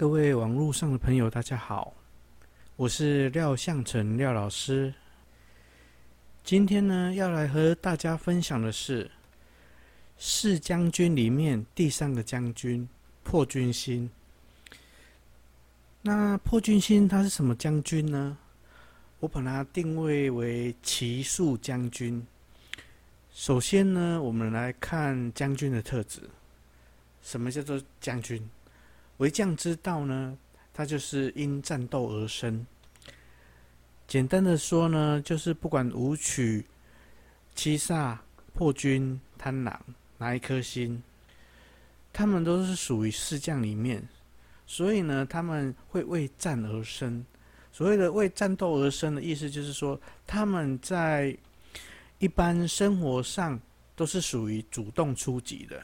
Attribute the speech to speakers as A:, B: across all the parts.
A: 各位網絡上的朋友，大家好，我是廖相程廖老師。今天呢，要來和大家分享的是《四將軍》裡面第三個將軍破軍星。那破軍星它是什麼將軍呢？我把它定位為奇數將軍。首先呢，我們來看將軍的特質，什麼叫做將軍？為將之道呢，它就是因戰鬥而生。簡單的說呢，就是不管武曲、七煞、破軍、貪狼哪一顆星，他們都是屬於四將裡面，所以呢，他們會為戰而生。所謂的為戰鬥而生的意思，就是說他們在一般生活上都是屬於主動出擊的。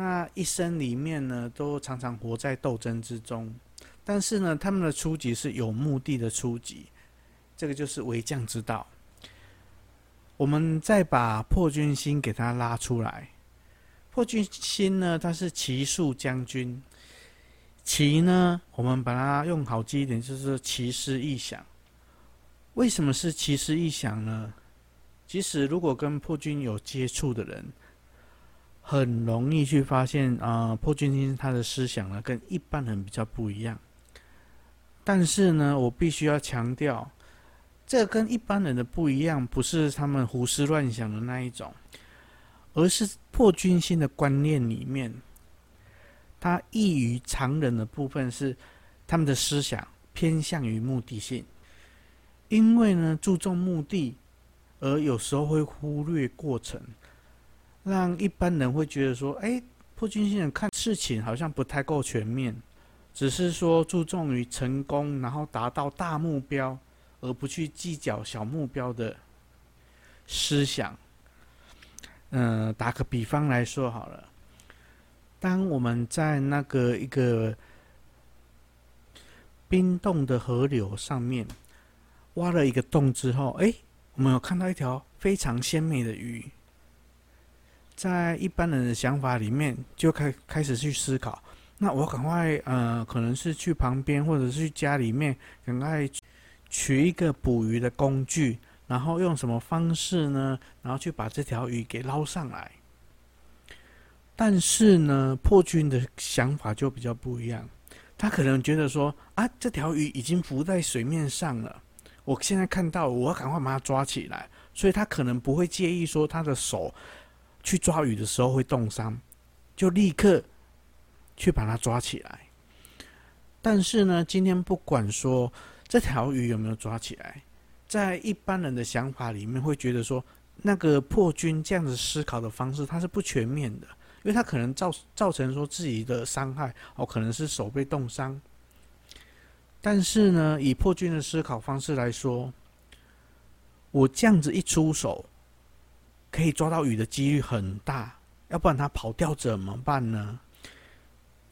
A: 那一生裡面呢，都常常活在鬥爭之中，但是呢，他們的出擊是有目的的出擊，這個就是為將之道。我們再把破軍星給他拉出來，破軍星呢，他是奇術將軍，奇呢，我們把它用好記一點，就是奇思異想。為什麼是奇思異想呢？其實，如果跟破軍有接觸的人，很容易去發現啊，呃，破軍星他的思想呢，跟一般人比較不一樣。但是呢，我必須要強調，這個跟一般人的不一樣，不是他們胡思亂想的那一種，而是破軍星的觀念裡面，他異於常人的部分是他們的思想偏向於目的性，因為呢注重目的，而有時候會忽略過程。讓一般人會覺得說：“哎，破軍星人看事情好像不太夠全面，只是說注重於成功，然後達到大目標，而不去計較小目標的思想。”嗯，打個比方來說好了，當我們在那個一個冰凍的河流上面挖了一個洞之後，哎，我們有看到一條非常鮮美的魚。在一般人的想法裡面，就開開始去思考。那我趕快呃，可能是去旁邊，或者是去家裡面，趕快取一個捕魚的工具，然後用什麼方式呢？然後去把這條魚給撈上來。但是呢，破軍的想法就比較不一樣。他可能覺得說啊，這條魚已經浮在水面上了，我現在看到了，我要趕快把它抓起來。所以他可能不會介意說他的手。去抓魚的時候會凍傷，就立刻去把它抓起來。但是呢，今天不管說這條魚有沒有抓起來，在一般人的想法裡面，會覺得說那個破軍這樣子思考的方式，它是不全面的，因為它可能造造成說自己的傷害哦，可能是手被凍傷。但是呢，以破軍的思考方式來說，我這樣子一出手。可以抓到魚的幾率很大，要不然他跑掉怎麼辦呢？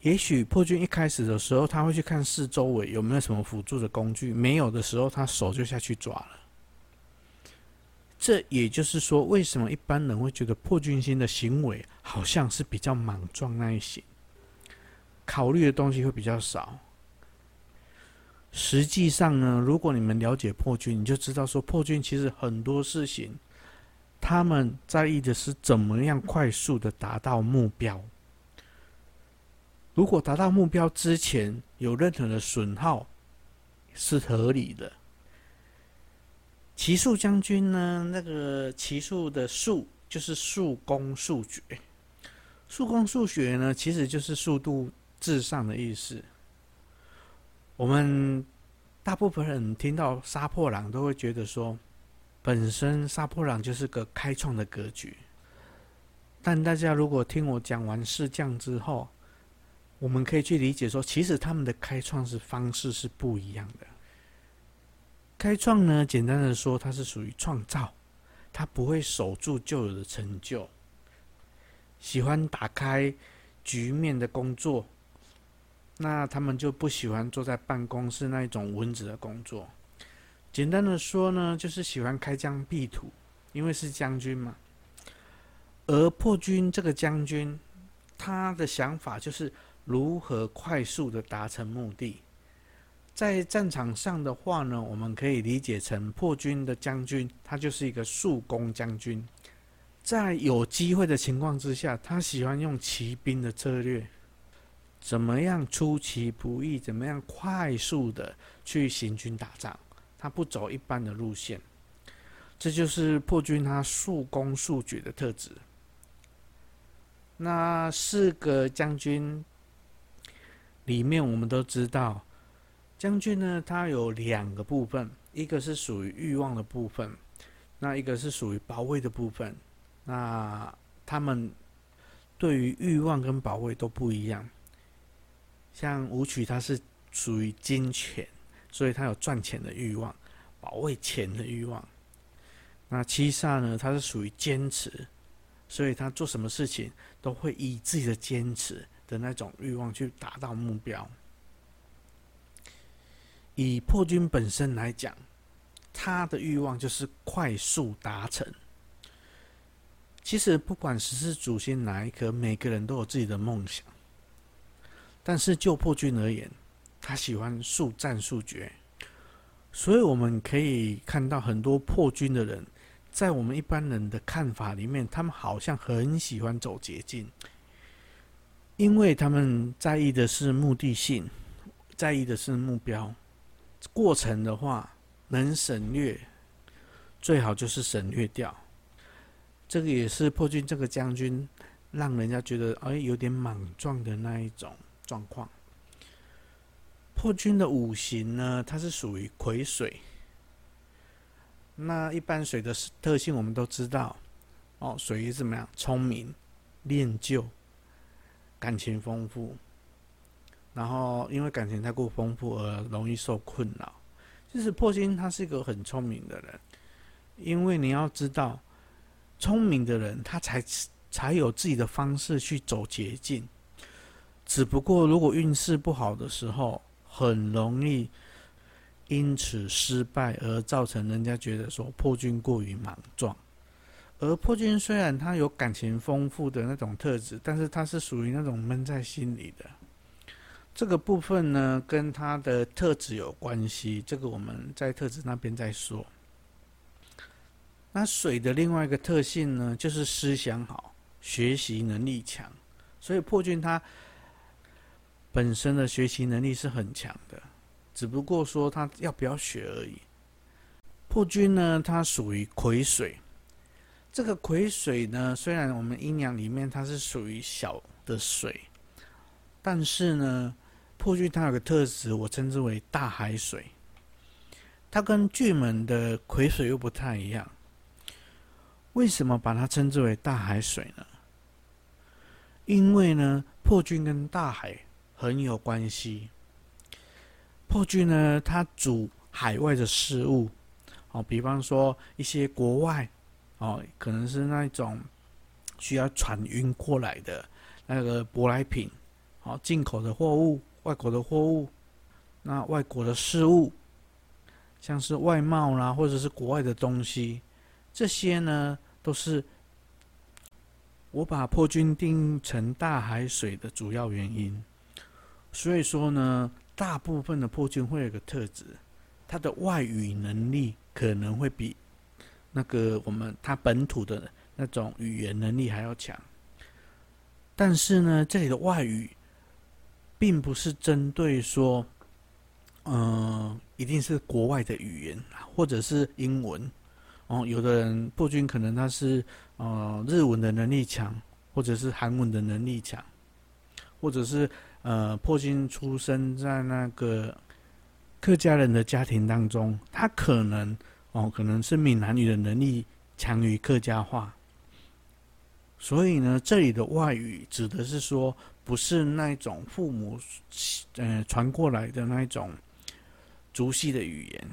A: 也許破軍一開始的時候，他會去看四周圍有沒有什麼輔助的工具，沒有的時候，他手就下去抓了。這也就是說，為什麼一般人會覺得破軍星的行為好像是比較莽撞那一型，考慮的東西會比較少。實際上呢，如果你們了解破軍，你就知道說破軍其實很多事情。他們在意的是怎麼樣快速的達到目標。如果達到目標之前有任何的損耗，是合理的。騎術將軍呢？那個騎術的“術”就是速攻速決，速攻速決呢，其實就是速度至上的意思。我們大部分人聽到“殺破狼”都會覺得說。本身殺破狼就是個開創的格局，但大家如果聽我講完四將之後，我們可以去理解說，其實他們的開創是方式是不一樣的。開創呢，簡單的說，它是屬於創造，它不會守住舊有的成就，喜歡打開局面的工作，那他們就不喜歡坐在辦公室那一種文職的工作。簡單的說呢，就是喜歡開疆闢土，因為是將軍嘛。而破軍這個將軍，他的想法就是如何快速的達成目的。在戰場上的話呢，我們可以理解成破軍的將軍，他就是一個速攻將軍。在有機會的情況之下，他喜歡用騎兵的策略，怎麼樣出其不意，怎麼樣快速的去行軍打仗。他不走一般的路線，這就是破軍他速攻速決的特質。那四個將軍裡面，我們都知道將軍呢，他有兩個部分，一個是屬於慾望的部分，那一個是屬於保衛的部分。那他們對於慾望跟保衛都不一樣。像武曲，它是屬於金錢。所以他有賺錢的慾望，保衛錢的慾望。那七煞呢？他是屬於堅持，所以他做什麼事情都會以自己的堅持的那種慾望去達到目標。以破軍本身來講，他的慾望就是快速達成。其實不管十四主星哪一顆，每個人都有自己的夢想，但是就破軍而言。他喜歡速戰速決，所以我們可以看到很多破軍的人，在我們一般人的看法裡面，他們好像很喜歡走捷徑，因為他們在意的是目的性，在意的是目標，過程的話能省略，最好就是省略掉。這個也是破軍這個將軍，讓人家覺得哎，有點莽撞的那一種狀況。破軍的五行呢，它是屬於癸水。那一般水的特性我們都知道，哦，水是怎麼樣？聰明、戀舊、感情豐富。然後因為感情太過豐富而容易受困擾。就是破軍他是一個很聰明的人，因為你要知道，聰明的人他才才有自己的方式去走捷徑。只不過如果運勢不好的時候，很容易因此失敗，而造成人家覺得說破軍過於莽撞。而破軍雖然他有感情豐富的那種特質，但是他是屬於那種悶在心裡的。這個部分呢，跟他的特質有關係。這個我們在特質那邊再說。那水的另外一個特性呢，就是思想好，學習能力強。所以破軍他。本身的學習能力是很強的，只不過說他要不要學而已。破軍呢，它屬於癸水。這個癸水呢，雖然我們陰陽裡面它是屬於小的水，但是呢，破軍它有個特質，我稱之為大海水。它跟巨門的癸水又不太一樣。為什麼把它稱之為大海水呢？因為呢，破軍跟大海。很有關係。破軍呢，它主海外的事物，哦，比方說一些國外，哦，可能是那一種需要船運過來的那個舶來品，哦，進口的貨物、外國的貨物，那外國的事物，像是外貿啦，啊，或者是國外的東西，這些呢，都是我把破軍定成大海水的主要原因。所以說呢，大部分的破軍會有一個特質，他的外語能力可能會比那個我們他本土的那種語言能力還要強。但是呢，這裡的外語，並不是針對說，嗯、呃，一定是國外的語言，或者是英文。哦，有的人破軍可能他是呃日文的能力強，或者是韓文的能力強。或者是呃，破軍出生在那個客家人的家庭當中，他可能哦，可能是閩南語的能力強於客家話，所以呢，這裡的外語指的是說，不是那種父母嗯、呃、傳過來的那一種熟悉的語言。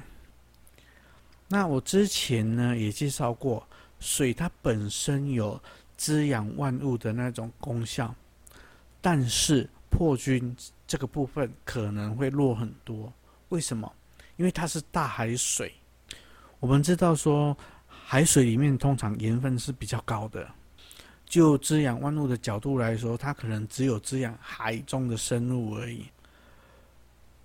A: 那我之前呢也介紹過，水它本身有滋養萬物的那種功效。但是破軍這個部分可能會弱很多，為什麼？因為它是大海水。我們知道說，海水裡面通常鹽分是比較高的。就滋養萬物的角度來說，它可能只有滋養海中的生物而已。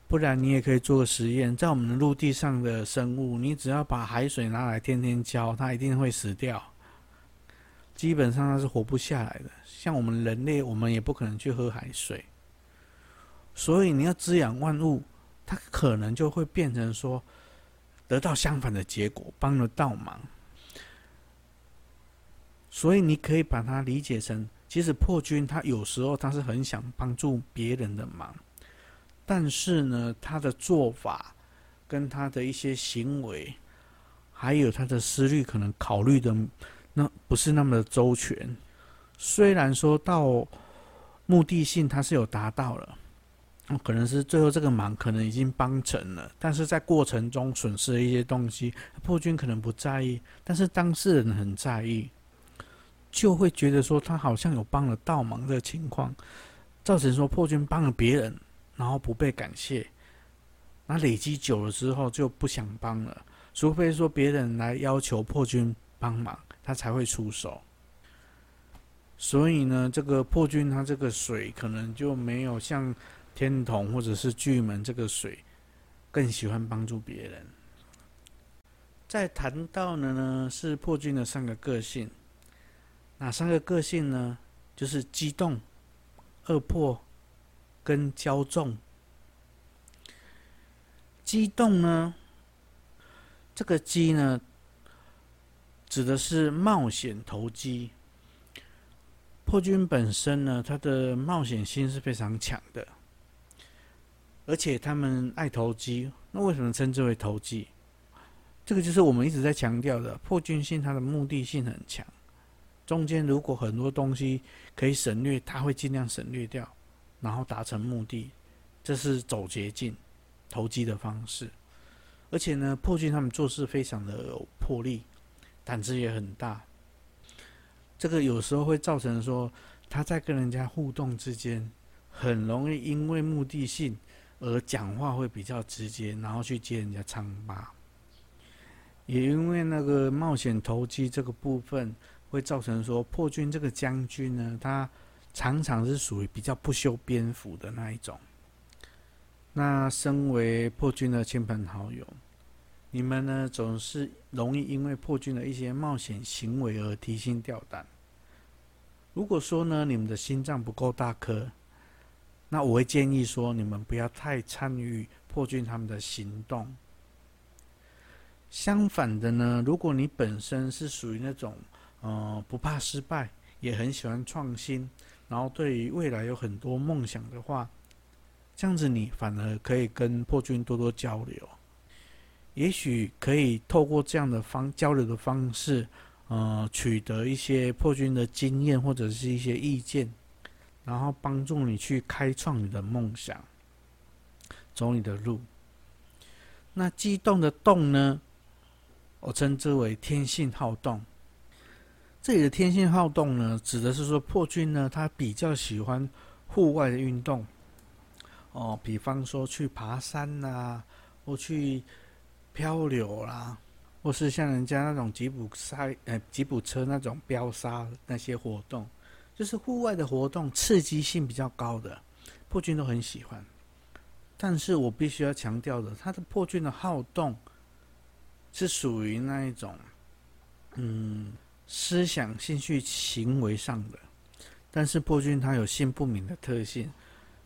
A: 不然，你也可以做個實驗，在我們的陸地上的生物，你只要把海水拿來天天澆，它一定會死掉。基本上他是活不下來的。像我們人類，我們也不可能去喝海水。所以你要滋養萬物，它可能就會變成說得到相反的結果，幫了倒忙。所以你可以把它理解成，其實破軍他有時候他是很想幫助別人的忙，但是呢，他的做法跟他的一些行為，還有他的思慮，可能考慮的。那不是那麼的周全，雖然說到目的性，它是有達到了，可能是最後這個忙可能已經幫成了，但是在過程中損失了一些東西，破軍可能不在意，但是當事人很在意，就會覺得說他好像有幫了倒忙的情況，造成說破軍幫了別人，然後不被感謝，那累積久了之後就不想幫了，除非說別人來要求破軍幫忙。他才會出手，所以呢，這個破軍他這個水可能就沒有像天同或者是巨門這個水更喜歡幫助別人。再談到的呢是破軍的三個個性，哪三個個性呢？就是激動、惡破跟驕縱。激動呢，這個激呢？指的是冒險投機。破軍本身呢，他的冒險心是非常強的，而且他們愛投機。那為什麼稱之為投機？這個就是我們一直在強調的，破軍性，他的目的性很強。中間如果很多東西可以省略，他會盡量省略掉，然後達成目的，這是走捷徑投機的方式。而且呢，破軍他們做事非常的有魄力。膽子也很大，這個有時候會造成說他在跟人家互動之間，很容易因為目的性而講話會比較直接，然後去揭人家瘡疤。也因為那個冒險投機這個部分，會造成說破軍這個將軍呢，他常常是屬於比較不修邊幅的那一種。那身為破軍的親朋好友。你們呢，總是容易因為破軍的一些冒險行為而提心吊膽。如果說呢，你們的心臟不夠大顆，那我會建議說，你們不要太參與破軍他們的行動。相反的呢，如果你本身是屬於那種，呃，不怕失敗，也很喜歡創新，然後對於未來有很多夢想的話，這樣子你反而可以跟破軍多多交流。也許可以透過這樣的方交流的方式，呃，取得一些破軍的經驗或者是一些意見，然後幫助你去開創你的夢想，走你的路。那激動的動呢，我稱之為天性好動。這裡的天性好動呢，指的是說破軍呢，他比較喜歡戶外的運動，哦、呃，比方說去爬山吶、啊，或去。漂流啦，或是像人家那種吉普賽，呃、欸、吉普車那種飆沙那些活動，就是戶外的活動，刺激性比較高的，破軍都很喜歡。但是我必須要強調的，他的破軍的好動，是屬於那一種，嗯，思想、興趣、行為上的。但是破軍他有性不明的特性，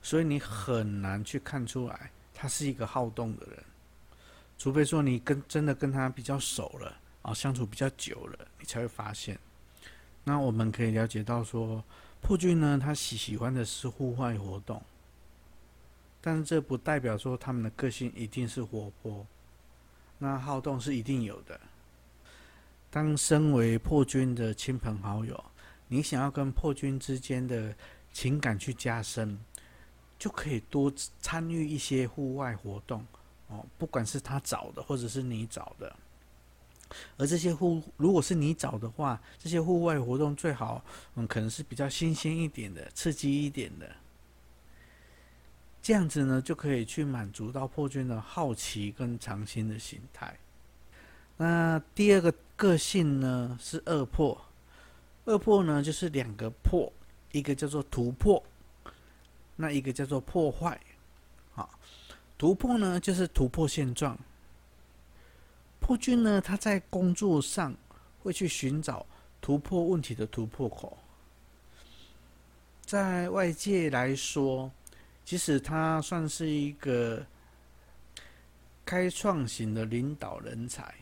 A: 所以你很難去看出來他是一個好動的人。除非說你跟真的跟他比較熟了啊、喔，相處比較久了，你才會發現。那我們可以了解到說，破軍呢，他喜喜歡的是戶外活動，但是這不代表說他們的個性一定是活潑，那好動是一定有的。當身為破軍的親朋好友，你想要跟破軍之間的情感去加深，就可以多參與一些戶外活動。哦、不管是他找的，或者是你找的，而這些戶如果是你找的話，這些戶外活動最好嗯，可能是比較新鮮一點的，刺激一點的，這樣子呢，就可以去滿足到破軍的好奇跟嘗新的心態。那第二個個性呢是二破，二破呢就是兩個破，一個叫做突破，那一個叫做破壞，好、哦。突破呢，就是突破現狀。破軍呢，他在工作上會去尋找突破問題的突破口。在外界來說，其實他算是一個開創型的領導人才，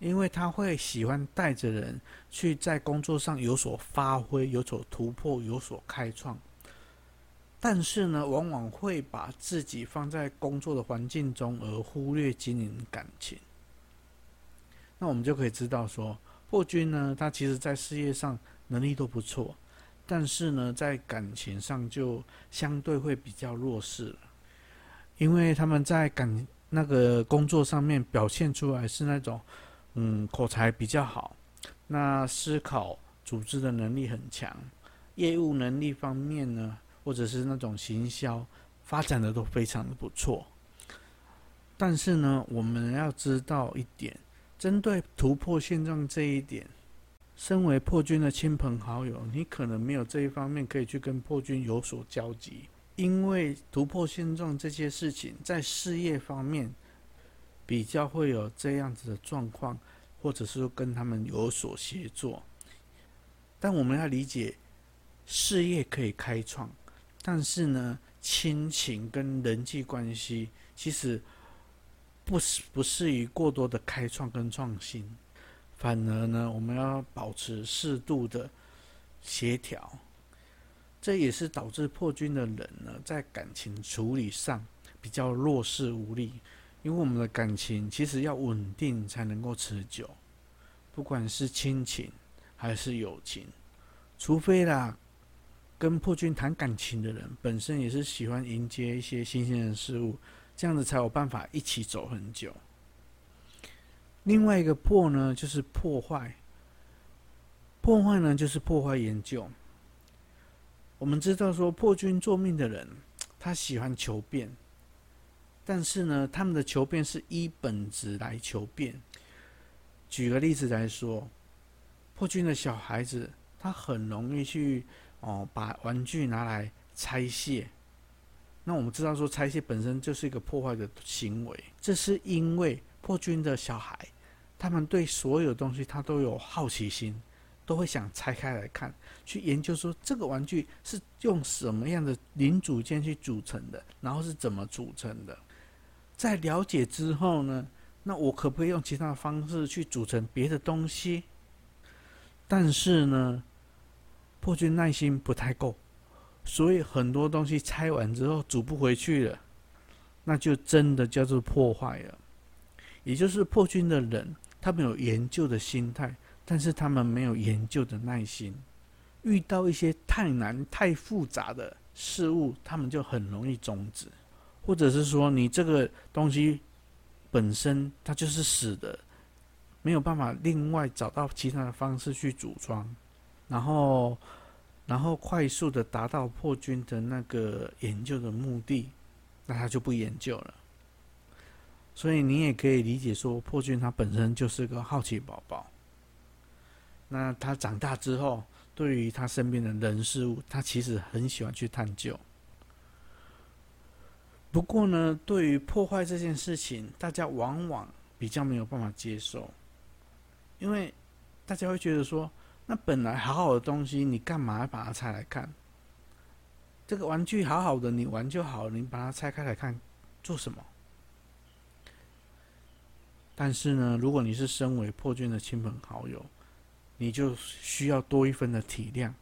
A: 因為他會喜歡帶着人去在工作上有所發揮、有所突破、有所開創。但是呢，往往會把自己放在工作的環境中，而忽略經營感情。那我們就可以知道說，破軍呢，他其實在事業上能力都不錯，但是呢，在感情上就相對會比較弱勢了。因為他們在感那個工作上面表現出來是那種，嗯，口才比較好，那思考組織的能力很強，業務能力方面呢，或者是那種行銷發展的都非常的不錯，但是呢，我們要知道一點，針對突破現狀這一點，身為破軍的親朋好友，你可能沒有這一方面可以去跟破軍有所交集，因為突破現狀這些事情在事業方面比較會有這樣子的狀況，或者是跟他們有所協作，但我們要理解，事業可以開創。但是呢，親情跟人際關係其實不適不適宜過多的開創跟創新，反而呢，我們要保持適度的協調。這也是導致破軍的人呢，在感情處理上比較弱勢無力，因為我們的感情其實要穩定才能夠持久，不管是親情還是友情，除非啦。跟破軍談感情的人，本身也是喜歡迎接一些新鮮的事物，這樣子才有辦法一起走很久。另外一個破呢，就是破壞，破壞呢就是破壞研究。我們知道說破軍坐命的人，他喜歡求變，但是呢，他們的求變是依本質來求變。舉個例子來說，破軍的小孩子，他很容易去。哦，把玩具拿來拆卸，那我們知道說拆卸本身就是一個破壞的行為，這是因為破軍的小孩，他們對所有東西他都有好奇心，都會想拆開來看，去研究說，這個玩具是用什麼樣的零組件去組成的，然後是怎麼組成的，在了解之後呢，那我可不可以用其他的方式去組成別的東西？但是呢，破軍耐心不太夠，所以很多東西拆完之後組不回去了，那就真的叫做破壞了。也就是破軍的人，他們有研究的心態，但是他們沒有研究的耐心。遇到一些太難、太複雜的事物，他們就很容易終止，或者是說，你這個東西本身它就是死的，沒有辦法另外找到其他的方式去組裝。然後，然後快速的達到破軍的那個研究的目的，那他就不研究了。所以你也可以理解說，破軍他本身就是個好奇寶寶。那他長大之後，對於他身邊的人事物，他其實很喜歡去探究。不過呢，對於破壞這件事情，大家往往比較沒有辦法接受，因為大家會覺得說，那本來好好的東西，你幹嘛要把它拆來看？這個玩具好好的，你玩就好，你把它拆開來看做什麼？但是呢，如果你是身為破軍的親朋好友，你就需要多一分的體諒。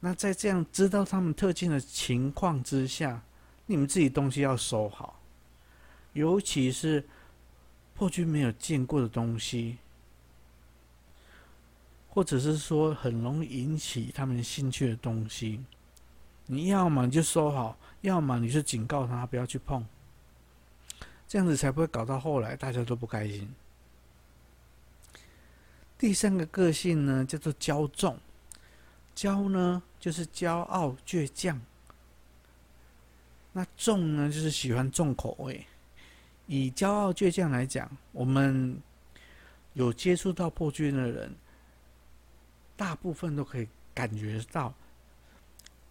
A: 那在這樣知道他們特性的情況之下，你們自己東西要收好，尤其是破軍沒有見過的東西。或者是說很容易引起他們興趣的東西，你要麼你就收好，要麼你就警告他不要去碰，這樣子才不會搞到後來大家都不開心。第三個個性呢叫做驕縱，驕呢就是驕傲倔強，那縱呢就是喜歡重口味。以驕傲倔強來講，我們有接觸到破軍的人。大部分都可以感覺到，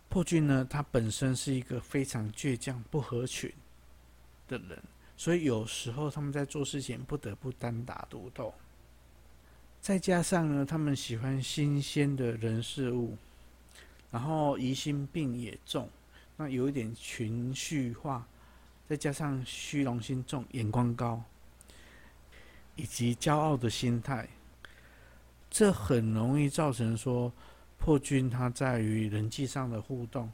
A: 破軍呢，他本身是一個非常倔強、不合群的人，所以有時候他們在做事情不得不單打獨鬥。再加上呢，他們喜歡新鮮的人事物，然後疑心病也重，那有一點情緒化，再加上虛榮心重、眼光高，以及驕傲的心態。這很容易造成說破軍他在於人際上的互動，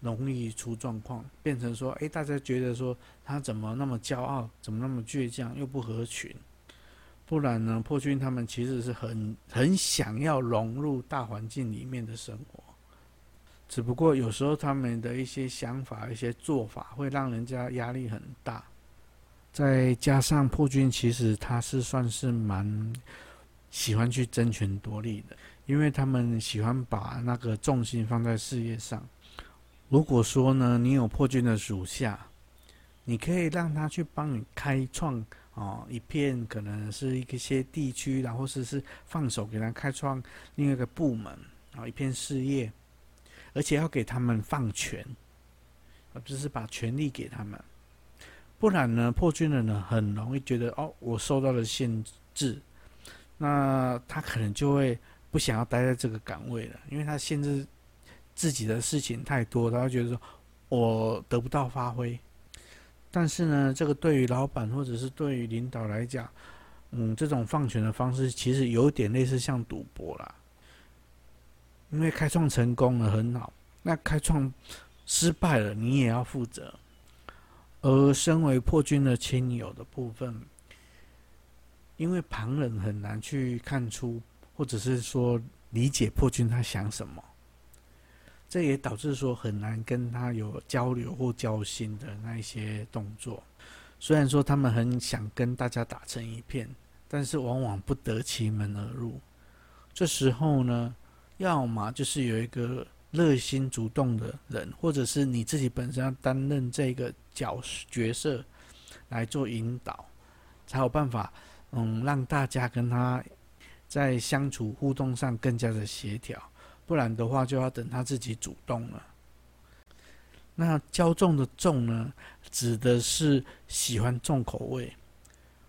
A: 容易出狀況，變成說誒，大家覺得說他怎麼那麼驕傲，怎麼那麼倔強，又不合群。不然呢，破軍他們其實是很很想要融入大環境裡面的生活，只不過有時候他們的一些想法、一些做法會讓人家壓力很大。再加上破軍其實他是算是蠻。喜歡去爭權奪利的，因為他們喜歡把那個重心放在事業上。如果說呢，你有破軍的屬下，你可以讓他去幫你開創哦一片，可能是一些地區，然後是，是放手給他開創另外一個部門啊、哦、一片事業，而且要給他們放權，而、就、不是把權力給他們。不然呢，破軍的人很容易覺得哦，我受到了限制。那他可能就會不想要待在這個崗位了，因為他限制自己的事情太多，他會覺得說我得不到發揮。但是呢，這個對於老闆或者是對於領導來講，嗯，這種放權的方式其實有點類似像賭博啦。因為開創成功了很好，那開創失敗了你也要負責。而身為破軍的親友的部分。因為旁人很難去看出，或者是說理解破軍他想什麼，這也導致說很難跟他有交流或交心的那一些動作。雖然說他們很想跟大家打成一片，但是往往不得其門而入。這時候呢，要麼就是有一個熱心主動的人，或者是你自己本身要擔任這個角角色來做引導，才有辦法。嗯，讓大家跟他在相處互動上更加的協調，不然的話就要等他自己主動了。那驕縱的重呢，指的是喜歡重口味。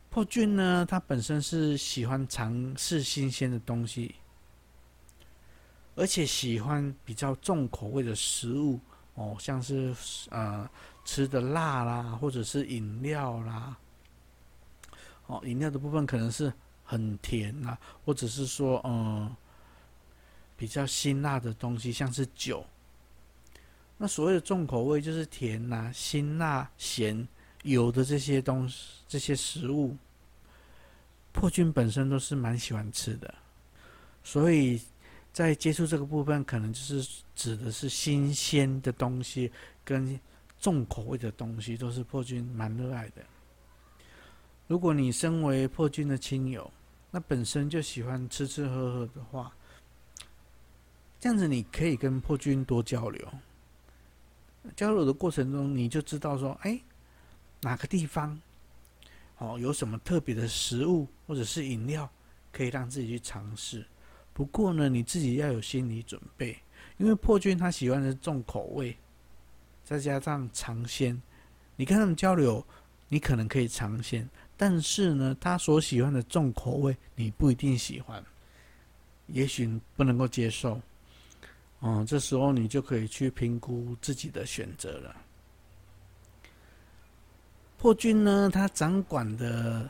A: 破軍呢，他本身是喜歡嘗試新鮮的東西，而且喜歡比較重口味的食物哦，像是呃吃的辣啦，或者是飲料啦。哦，飲料的部分可能是很甜吶、啊，或者是說嗯，比較辛辣的東西，像是酒。那所謂的重口味就是甜吶、啊、辛辣、鹹、油的這些東西，這些食物，破軍本身都是蠻喜歡吃的，所以在接觸這個部分，可能就是指的是新鮮的東西跟重口味的東西，都是破軍蠻熱愛的。如果你身為破軍的親友，那本身就喜歡吃吃喝喝的話，這樣子你可以跟破軍多交流。交流的過程中，你就知道說，哎、欸，哪個地方，哦，有什麼特別的食物或者是飲料可以讓自己去嘗試。不過呢，你自己要有心理準備，因為破軍他喜歡的是重口味，再加上嘗鮮。你跟他們交流，你可能可以嘗鮮。但是呢，他所喜歡的重口味，你不一定喜歡，也許不能夠接受。嗯，這時候你就可以去評估自己的選擇了。破軍呢，他掌管的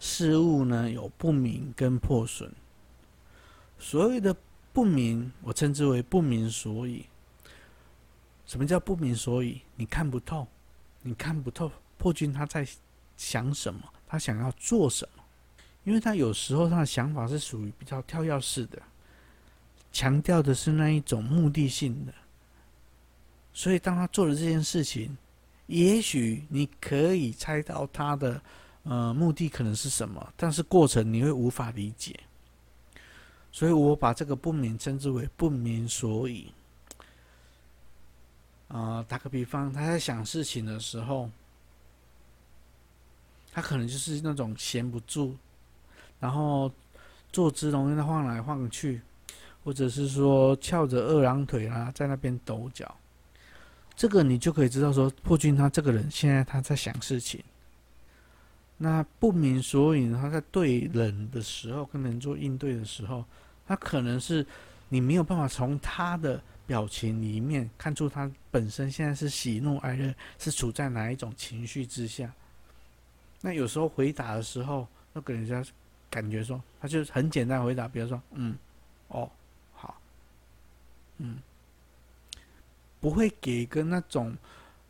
A: 事物呢，有不明跟破損。所謂的不明，我稱之為不明所以。什麼叫不明所以？你看不透，你看不透。破軍他在。想什麼？他想要做什麼？因為他有時候他的想法是屬於比較跳躍式的，強調的是那一種目的性的。所以當他做了這件事情，也許你可以猜到他的呃目的可能是什麼，但是過程你會無法理解。所以我把這個不明稱之為不明所以。啊、呃，打個比方，他在想事情的時候。他可能就是那種閒不住，然後坐姿容易在晃來晃去，或者是說翹着二郎腿啊，在那邊抖腳。這個你就可以知道說，破軍他這個人現在他在想事情。那不明所以，他在對人的時候，跟人做應對的時候，他可能是你沒有辦法從他的表情裡面看出他本身現在是喜怒哀樂，是處在哪一種情緒之下。那有時候回答的時候，要給人家感覺說，他就很簡單回答，比如說嗯，哦，好，嗯，不會給一個那種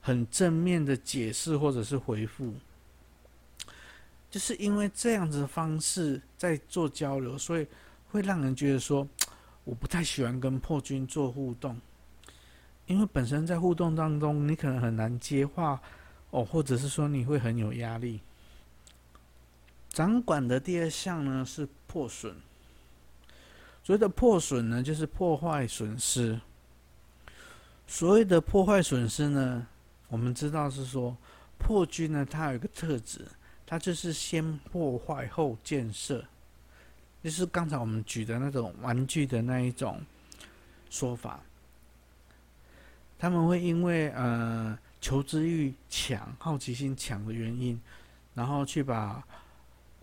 A: 很正面的解釋或者是回復，就是因為這樣子的方式在做交流，所以會讓人覺得說，我不太喜歡跟破軍做互動，因為本身在互動當中，你可能很難接話哦，或者是說你會很有壓力。掌管的第二項呢是破損。所謂的破損呢，就是破壞損失。所謂的破壞損失呢，我們知道是說破軍呢，它有一個特質，它就是先破壞後建設，就是剛才我們舉的那種玩具的那一種說法。他們會因為呃求知欲強、好奇心強的原因，然後去把。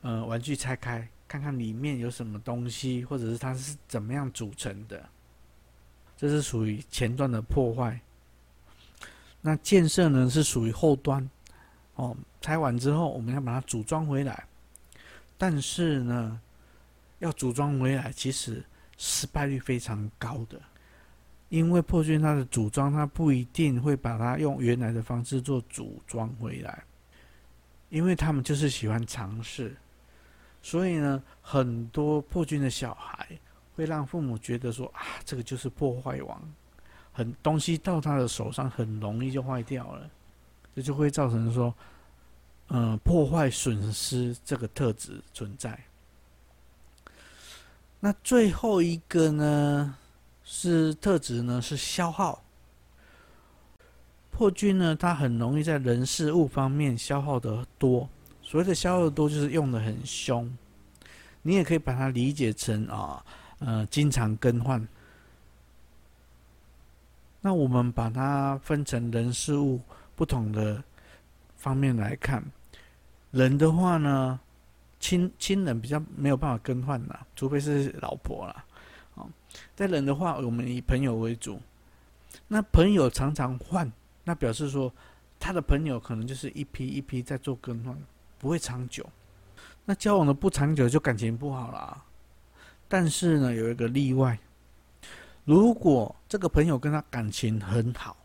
A: 呃，玩具拆開，看看裡面有什麼東西，或者是它是怎麼樣組成的。這是屬於前端的破壞。那建設呢，是屬於後端。哦，拆完之後，我們要把它組裝回來。但是呢，要組裝回來，其實失敗率非常高的。因為破軍它的組裝，它不一定會把它用原來的方式做組裝回來。因為他們就是喜歡嘗試。所以呢，很多破軍的小孩會讓父母覺得說啊，這個就是破壞王，很，東西到他的手上很容易就壞掉了，這就會造成說，嗯，破壞損失這個特質存在。那最後一個呢，是特質呢，是消耗。破軍呢，他很容易在人事物方面消耗得多。所謂的消耗多就是用得很兇，你也可以把它理解成啊，呃，經常更換。那我們把它分成人、事、物不同的方面來看。人的話呢，親親人比較沒有辦法更換啦，除非是老婆啦。哦，在人的話，我們以朋友為主。那朋友常常換，那表示說他的朋友可能就是一批一批在做更換。不會長久，那交往的不長久就感情不好了。但是呢，有一個例外，如果這個朋友跟他感情很好，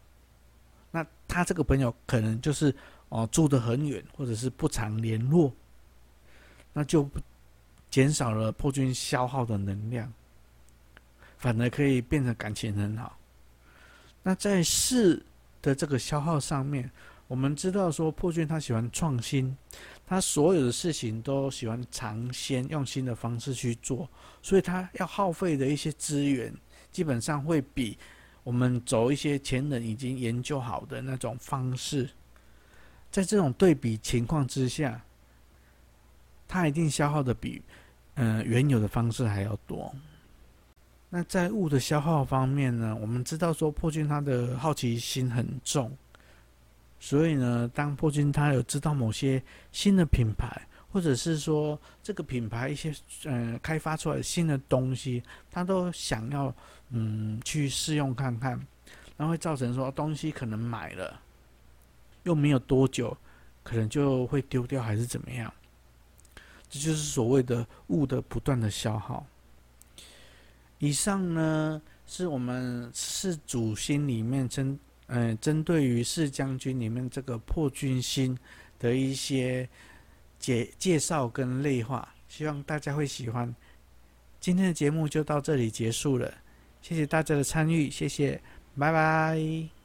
A: 那他這個朋友可能就是哦住得很遠，或者是不常聯絡，那就減少了破軍消耗的能量，反而可以變成感情很好。那在世的這個消耗上面，我們知道說破軍他喜歡創新。他所有的事情都喜歡嘗鮮，用新的方式去做，所以他要耗費的一些資源，基本上會比我們走一些前人已經研究好的那種方式，在這種對比情況之下，他一定消耗的比嗯、呃、原有的方式還要多。那在物的消耗方面呢，我們知道說破軍他的好奇心很重。所以呢，當破軍他有知道某些新的品牌，或者是說這個品牌一些嗯開發出來的新的東西，他都想要嗯去試用看看，然後會造成說東西可能買了又沒有多久，可能就會丟掉還是怎麼樣？這就是所謂的物的不斷的消耗。以上呢是我們十四主星裡面真。嗯，針對於四將軍裡面這個破軍星的一些介介紹跟類化，希望大家會喜歡。今天的節目就到這裡結束了，謝謝大家的參與，謝謝，拜拜。